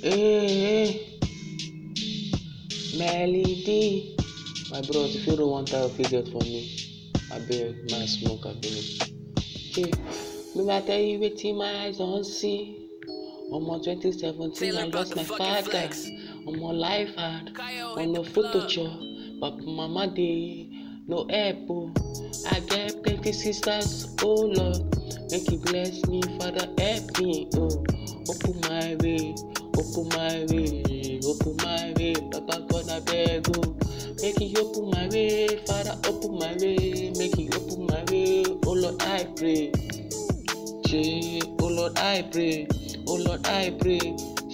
Hey, eh, eh, hey. Eh. Melody. My bros, if you don't want that, if you for me, I beg my smoke, I beg. Hey, me, I tell you, waiting my eyes don't see. Omo 2017, I lost my father. Flex. Omo life hard. On no chop, but mama dey no help. Oh. I get plenty sisters, oh Lord, make you bless me, Father, help me, oh open my way, open my way, Papa God I beg you. Make you open my way, Father open my way, make you open my way, oh Lord I pray. She, oh Lord I pray, oh Lord I pray.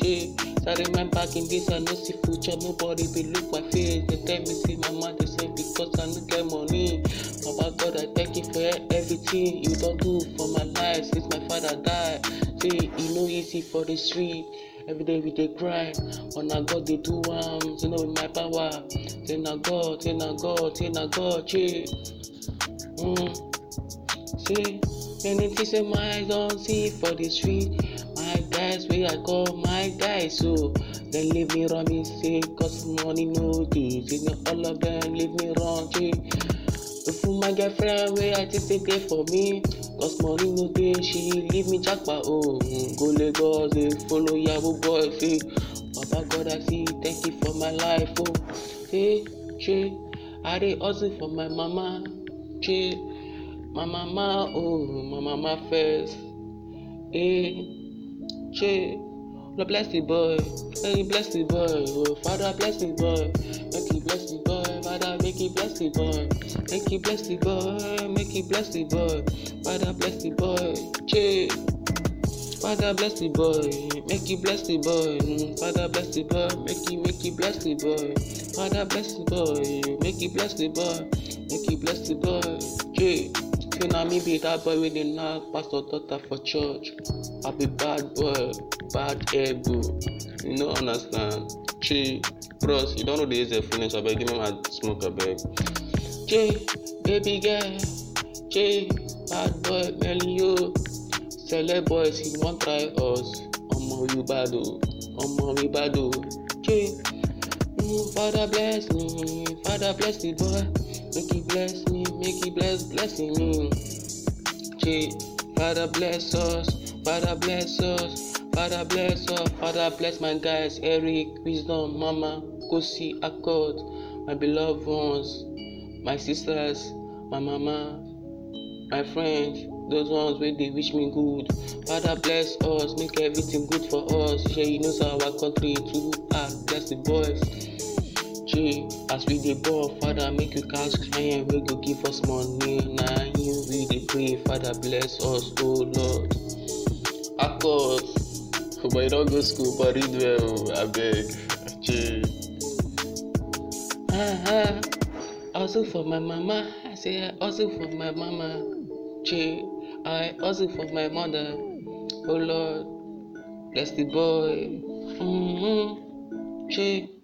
She, I remember back in this I no see future, nobody be look my face. They tell me see my mother, they say because I no get money. Papa God I thank you for everything you don do for my life since my father died. day e no easy for the street every day we dey cry. but na god dey do am say no be my power say na god say na god say na god chee mm. see many things wey my eyes don see for the street my guys wey i call my guys so, oh. dem leave me running me say cause money no dey say na all of dem leave me my girlfriend wey i think say dey for me cause money no dey she leave me japa oh mm, go lagos dey follow yahoo boy say baba god i see thank you for my life oh say ṣe i dey hustle for my mama ṣe my mama oh my mama first eh ṣe. Lord bless the boy. Hey, bless the boy. Oh, Father bless the boy. Make you bless the boy. Father make you bless the boy. Make you bless the boy. Make you bless the boy. Father bless the boy. Che. Father bless the boy. Make you bless the boy. Father bless the boy. Make you make you bless the boy. Father bless the boy. Make you bless the boy. Make you bless the boy. Che. You know me be that boy with the knock pastor daughter for church. I be bad boy, bad ego. You no understand. Che, bros, you don't know the easy feelings. I beg, give me my smoke, I beg. Che, baby girl. Che, bad boy, Melio. Celeb boys, he won't try us. Omo, you bad, Omo, me bad, Che. Father bless me, Father bless the boy. Make you bless me, make you bless, blessing me. Shit, Father bless us, Father bless us, Father bless us, Father bless my guys, Eric, Wisdom, Mama, Kosi, Accord, my beloved ones, my sisters, my mama, my friends, those ones where they wish me good father bless us make everything good for us shey you know our country too Ah bless the boys G, as we dey ball, Father, make you catch client we go give us money. Now you we dey pray, Father, bless us, oh Lord. Accord, oh, but you not go school, but read well, oh, I beg, Ah, ah. Also for my mama, I say also for my mama. I also for my mother. Oh Lord, bless the boy. Mm-hmm.